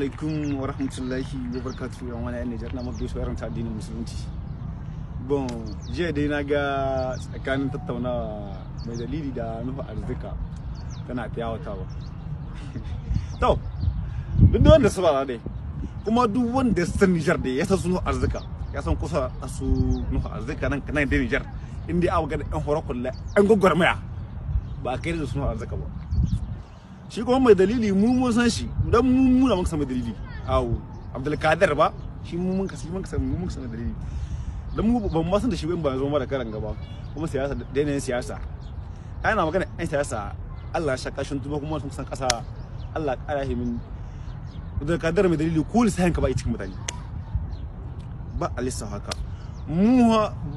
alaikum wa rahmatullahi wa barakatuhu yan wani Nijar na mafi su yaran addinin musulunci. Bon, je dai na ga tsakanin tattaunawa mai dalili da nufa arzika tana fiyawatawa. To, duk da wanda su ba dai, kuma duk wanda su san Nijar da ya san su nufa arzika, ya san kusa a su nufa arzika nan kanan da Nijar, inda ya abu ga da 'yan horakun horakulla, 'yan gwagwarmaya ba a kai da su nufa arzika ba. shi kuma mai dalili mu mun san shi dan mu mu da muka san mai dalili awo abdulkadir ba shi mu mun kasi mun san mu mun san dalili dan mu ban ma san da shi ba zo mara karan gaba kuma siyasa da ne siyasa ana magana ai siyasa Allah ya shaka shi kuma sun san kasa Allah ƙara himin abdulkadir mai dalili ko lisan ka ba cikin mutane ba alissa haka mu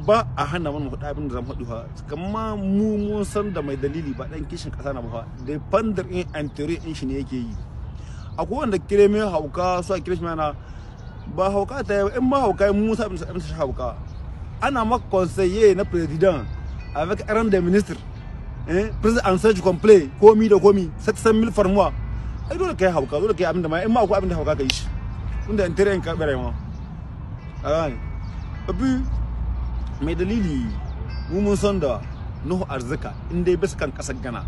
ba a hana mana faɗa abin da zamu faɗi fa kamma mu mun san da mai dalili ba dan kishin ƙasa na ba da fandar in antere in shi ne yake yi akwai wanda kire mai hauka su a kire shi mana ba hauka ta yi in ba hauka mu sa abin da shi hauka ana ma conseiller na president avec un des ministres eh president en sage complet komi da komi 700 mil par mois ai dole kai hauka dole kai abin da ma in ma akwai abin da hauka kai shi inda antere in ka bare ma a gane abu mai dalili mu mun san da nuhu arzika in dai bisa kan kasar gana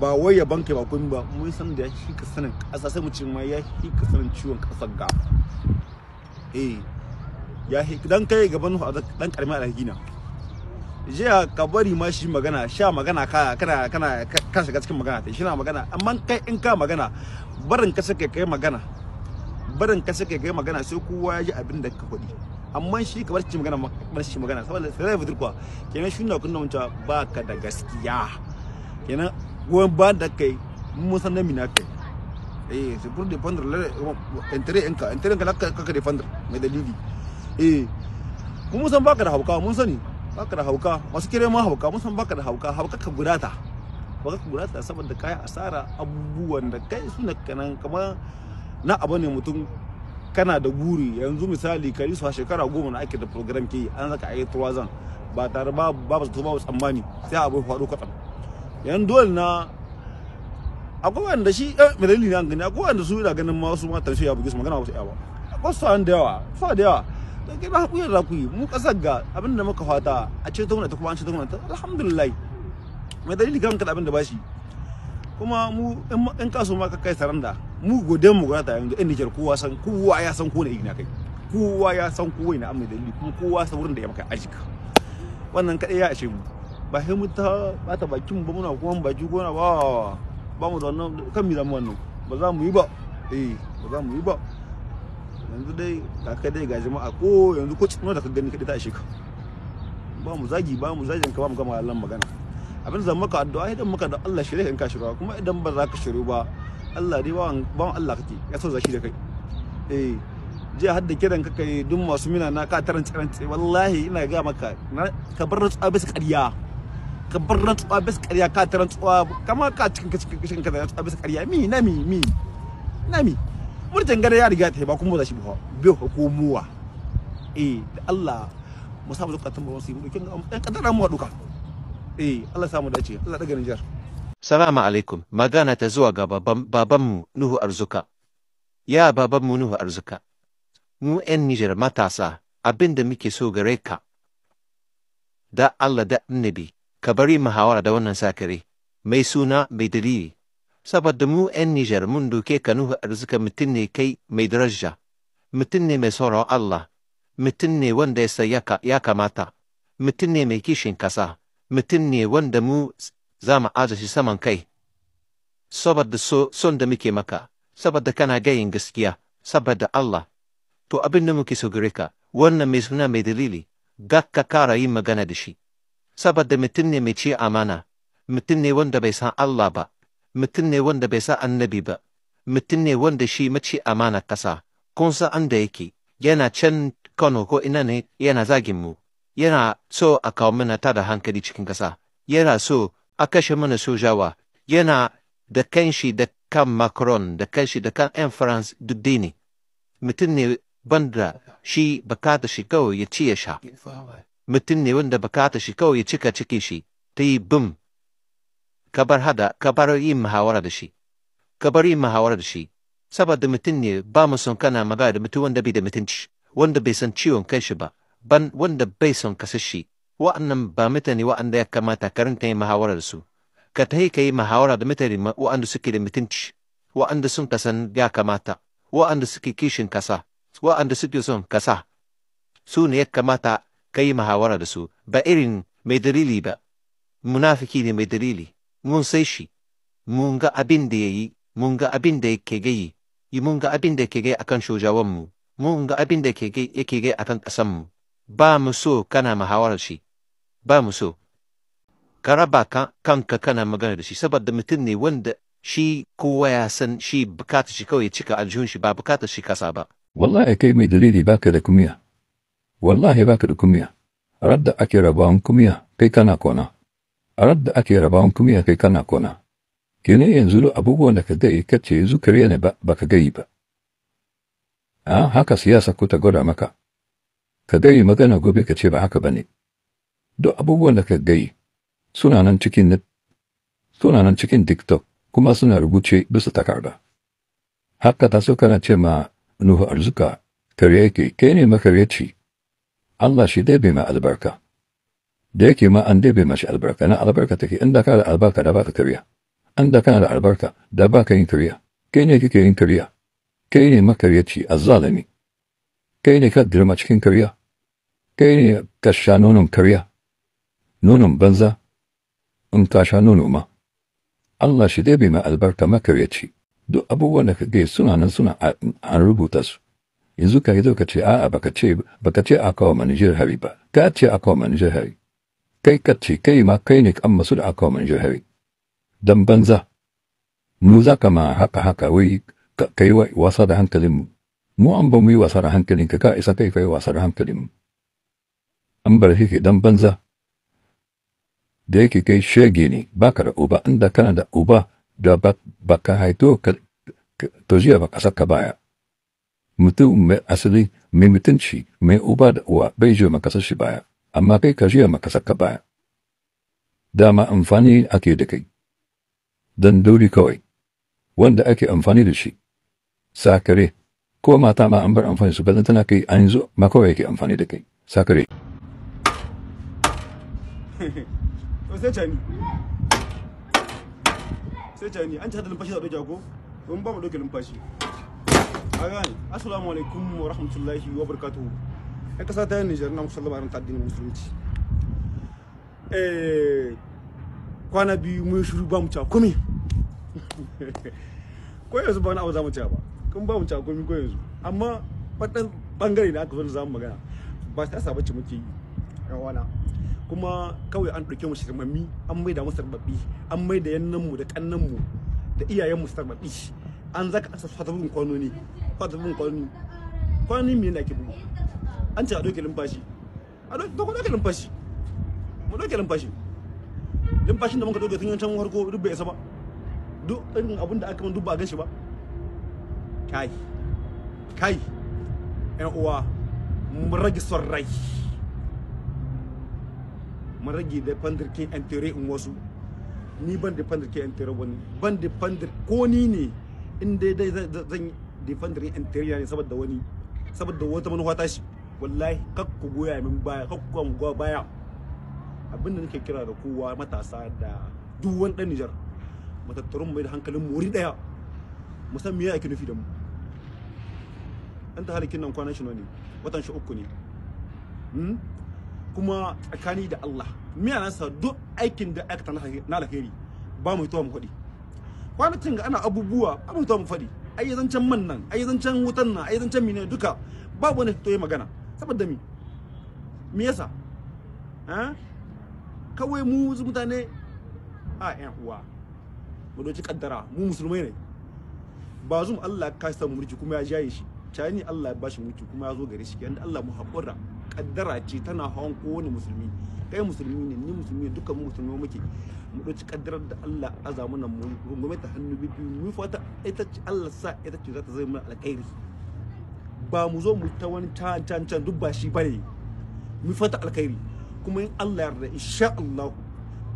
ba wai ya banke ba kun ba mun san da ya shi ka sanin kasa sai mu ce ma ya shi ka sanin ciwon kasar ga eh ya shi dan kai gaban nuhu arzika dan karmi alhina jiya ka bari ma shi magana sha magana ka kana kana ka shiga cikin magana ta shi na magana amma kai in ka magana barin ka sake kai magana barin ka sake kai magana sai kowa ya ji abin da ka faɗi amma shi kamar shi magana kamar shi magana saboda sai zai fitar kenan shi na kunna mutuwa ba ka da gaskiya kenan goyon ba da kai mun san nami na kai eh sai pour défendre le intérêt inka intérêt ka ka ka défendre mai dalili eh mun san baka da hauka mun sani baka da hauka masu kire ma hauka mun san baka da hauka hauka ka gudata baka ka gudata saboda kai asara abubuwan da kai suna kanan kamar na abu ne mutum kana da guri yanzu misali ka risuwa shekara goma na ake da program ke yi an zaka ayi tuwazan ba tare ba ba su tuba tsammani sai abin faɗo kwatsam yan dole na akwai wanda shi eh dalili ne an gani akwai wanda su da ganin ma su ma tarshe ya bugi su magana ba su yawa akwai su an da yawa su da yawa da ke ba hakuri da kuyi mu kasar ga abin da muka fata a ce ta kuma an ce ta alhamdulillah me dalili kan kada abin da shi. kuma mu in kaso ma ka kai saranda mu gode mu gata yanzu in Niger kowa san kowa ya san ko ne kai kowa ya san kowa ne amma dalili kuma kowa san wurin da ya maka ajika wannan kadai ya ashe mu ba sai mu ta bata bakin ba muna kuma baki gona ba ba mu da wannan kan mi zamu wannan ba za mu yi ba eh ba za mu yi ba yanzu dai ka kai dai ga jama'a ko yanzu ko cikin da ka gani kadai ta ashe ka ba mu zagi ba mu zagin ka ba mu gama wannan magana abin zan maka addu'a idan maka da Allah shirye in ka shiru kuma idan ba za ka shiru ba Allah dai bawan bawan Allah kake ya so zaki da kai eh je hadda kiran ka kai dun masu mina na ka taran taran wallahi ina ga maka ka bar rantsuwa bisa ƙarya ka bar rantsuwa bisa ƙarya ka taran tsuwa kama ka cikin ka cikin ka rantsuwa bisa ƙarya mi na mi mi na mi murtan gare ya riga ta ba kuma za shi ba bai hukumuwa eh da Allah musamman sa mu wasu mu su yi mu ɗauki ɗan ƙadaran mu duka eh Allah samu dace Allah daga Nijar Salamu alaikum magana ta zuwa ga babanmu Nuhu Arzuka ya babanmu Nuhu Arzuka mu 'yan Nijar matasa abin da muke so gare ka da Allah da annabi ka bari mahawara da wannan sakare mai suna mai dalili saboda mu 'yan Nijar mun doke ka Nuhu Arzuka mutum ne kai mai daraja mutum ne mai sauran Allah mutum ne wanda ya kamata mutum ne mai kishin kasa mutum ne wanda mu za mu aza shi saman kai, saboda son da muke maka, saboda kana gayin gaskiya, saboda Allah. To abin da muke so gare ka, wannan mai suna mai dalili, gakka kara yi magana da shi. Saboda mutum ne mai ce amana, mutum ne wanda bai san Allah ba, mutum ne wanda bai san annabi ba, mutum ne wanda shi mace amana kasa, kun san an da yake, yana can Kano ko ina ne yana zagin mu. yana so a kawo mana ta da hankali cikin ƙasa, yana so a kashe mana sojawa, yana da kanshi da kan Macron, da kanshi da kan 'yan France duk dai ne. Mutum ne banda shi bakata shi kawai ya ci ya sha. Mutum ne wanda bakata shi kawai ya cika cikin shi, ta yi bim. Kabar hada, kabar yi muhawara da shi. Kabar yi muhawara da shi. Saboda mutum ne ba mu son kana magana da mutum wanda bai da mutunci, wanda bai san ciwon kanshi ba. ban wanda bai son ka shi wa'annan ba mutane wa'anda ya kamata karin ta yi muhawara da su ka yi ka yi muhawara da mutane wa'anda suke da mutunci wa'anda sun kasan ya kamata wa'anda suke kishin kasa wa'anda suke son kasa su ne ya kamata ka yi muhawara da su ba irin mai dalili ba munafiki ne mai dalili mun sai shi mun ga abin da ya yi mun ga abin da yake gayi mun ga abin da yake gai akan shojawanmu mun ga abin da yake gai akan ƙasanmu ba mu so kana muhawarar shi ba mu so ka raba kanka kana magana da shi saboda mutum ne wanda shi kowa ya san shi bukatar shi kawai cika aljihun shi ba bukatar shi kasa ba wallahi kai mai dalili baka da kumiya wallahi baka da kumiya radda ake rabawan kumiya kai kana kona radda ake rabawan kumiya kai kana kona kini yanzu abubuwan da ka dai kace yanzu kare ne ba baka gai ba a ah, haka siyasa ko ta gwada maka ka gai magana gobe ka ce ba haka ba ne duk abubuwan da ka gai suna nan cikin suna nan cikin tiktok kuma suna rubuce bisa takarda haka ta so kana ce ma nuhu arzuka kare yake kai ne makareci Allah shi dai bai ma albarka da yake ma an dabe mashi albarka na albarka take inda ka da albarka da baka kariya inda kana da albarka da baka yin kariya kai ne kike yin kariya kai ne a azzalimi kai ne ka girma cikin kariya kai ne ka sha nonon kariya nonon banza in ka sha ma Allah shi dai bai ma albarka makaryaci duk abubuwan da kake suna nan suna an rubuta su yanzu ka yi zo ka ce a'a baka ce baka ce a kawo manijar hari ba ka ce a kawo manijar hari kai ka ce kai ma kai ne kan masu da a kawo manijar hari dan banza mu za ka ma haka haka wai ka yi wasa da hankalin mu mu an ba mu yi wasar hankalin ka ka isa kai ka yi wasa hankalinmu an bar shi dan banza da yake kai shege ne baka da uba inda kana da uba da ba ka haito to jiya ba kasar ka baya mutum mai asali mai mutunci mai uba da uwa bai jiya ma kasar shi baya amma kai ka jiya ma kasar ka baya dama amfani ake da kai dan dauri kawai wanda ake amfani da shi sakare ko mata ma an bar amfani su bazan tana kai an zo ma kawai yake amfani da kai sakare sai chani sai chani an ci da lumfashi da ɗauke ko in ba mu ɗauke lumfashi agan assalamu alaikum wa rahmatullahi wa barakatuhu ai kasa ta yin nijar na musallama ran addinin musulunci eh kwana biyu mun shiru ba mu ta komai ko yanzu ba na abu za mu ta ba kun ba mu cakomi ko yanzu amma faɗin bangare da aka zo za mu magana ba ta sa bace muke yi rawana kuma kawai an ɗauke mu shirmammi an da mu sarbaɓi an da yannan mu da kannan mu da iyayen mu sarbaɓi an zaka asa fatabun kwanoni fatabun kwanoni kwanoni me ne ake bugu an ce a ɗauke limfashi a ɗauke limfashi mu ɗauke limfashi limfashin da muka ɗauke tun yancan harko duk bai isa ba duk abin da aka man duk ba a gan shi ba kai kai yan uwa mun rage son rai mun rage da ke intere in wasu ni ban da ke intere wani ban da fandir ko ni ne in dai dai zan da ke intere ne saboda wani saboda wata manufa ta shi wallahi kak ku goya min baya kak ku goya baya abin da nake kira da kowa matasa da duk wani dan Nijar matattarun mai da hankalin muri daya musamman ya ake nufi da mu ta halikin nan kwanan shi ne watan shi uku ne hmm? kuma tsakani da Allah miya nasa duk aikin da aikata na alheri ba mu hitowa mu faɗi kwanatin ga ana abubuwa ba mu hitowa mu faɗi ai zancen man nan ai zancen wutan nan ai zancen mine duka babu wani yi magana saboda mi me yasa eh? kawai mu mutane a yan uwa mu doci kaddara mu musulmai ne ba zum Allah ka sa mu mulki kuma ya jaye shi cani Allah ya bashi mulki kuma ya zo gare shi kenan Allah mu kaddara ce tana hawan kowane musulmi kai musulmi ne ni musulmi ne dukkan musulmi musulmi muke mu ɗauki kaddarar da Allah aza mana mu rungume ta hannu bibi mu fata ita ce Allah sa ita ce za ta zama alkhairi ba mu zo mu ta wani can can can duk ba shi bane mu fata alkhairi kuma in Allah yarda insha Allah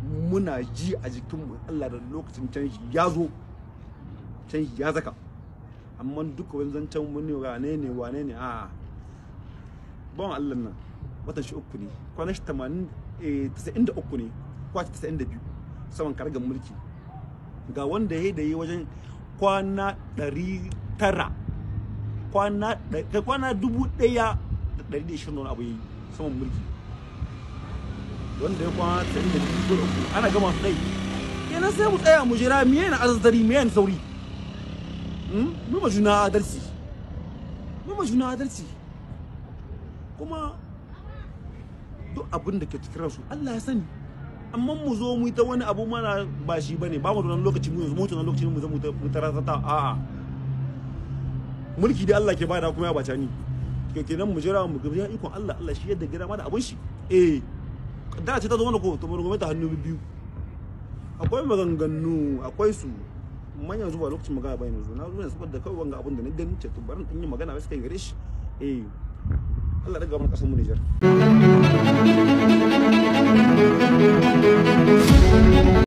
muna ji a jikinmu Allah da lokacin canji ya zo canji ya zaka amma duka wani zancen wani wane ne wane ne a bawan allah nan watan shi uku ne kwanan shi tamanin eh, tasa'in da uku ne kwace tasa'in da biyu saman kargar mulki ga wanda ya yi da yi wajen kwana ɗari tara kwana kwana dubu ɗaya da ɗari da ishirin wani abu yi saman mulki wanda ya kwana tasa'in da biyu ana gama su ɗai kenan sai mu tsaya mu jira miye na azazzari miye na sauri Muma hmm? juna adalci. Muma juna adalci. Kuma duk abin da ke cikin ransu Allah ya sani. Amma mu zo mu yi ta wani abu mana ba shi bane ba mu da lokaci mu yanzu mu tunan lokaci mu zo mu a a Mulki da Allah ke bada kuma ya bace ni. Ke kenan mu jira mu gaba ikon Allah Allah shi yadda gira ma da abin shi. Eh. Da ce ta zo mana ko to mu ta hannu biyu. Akwai maganganu akwai su manyan zuwa lokacin magana bai yanzu na zuwa saboda kawai wanga abin da na gani ce to barin in yi magana ba sai gare shi eh Allah daga gaba kasar mu Niger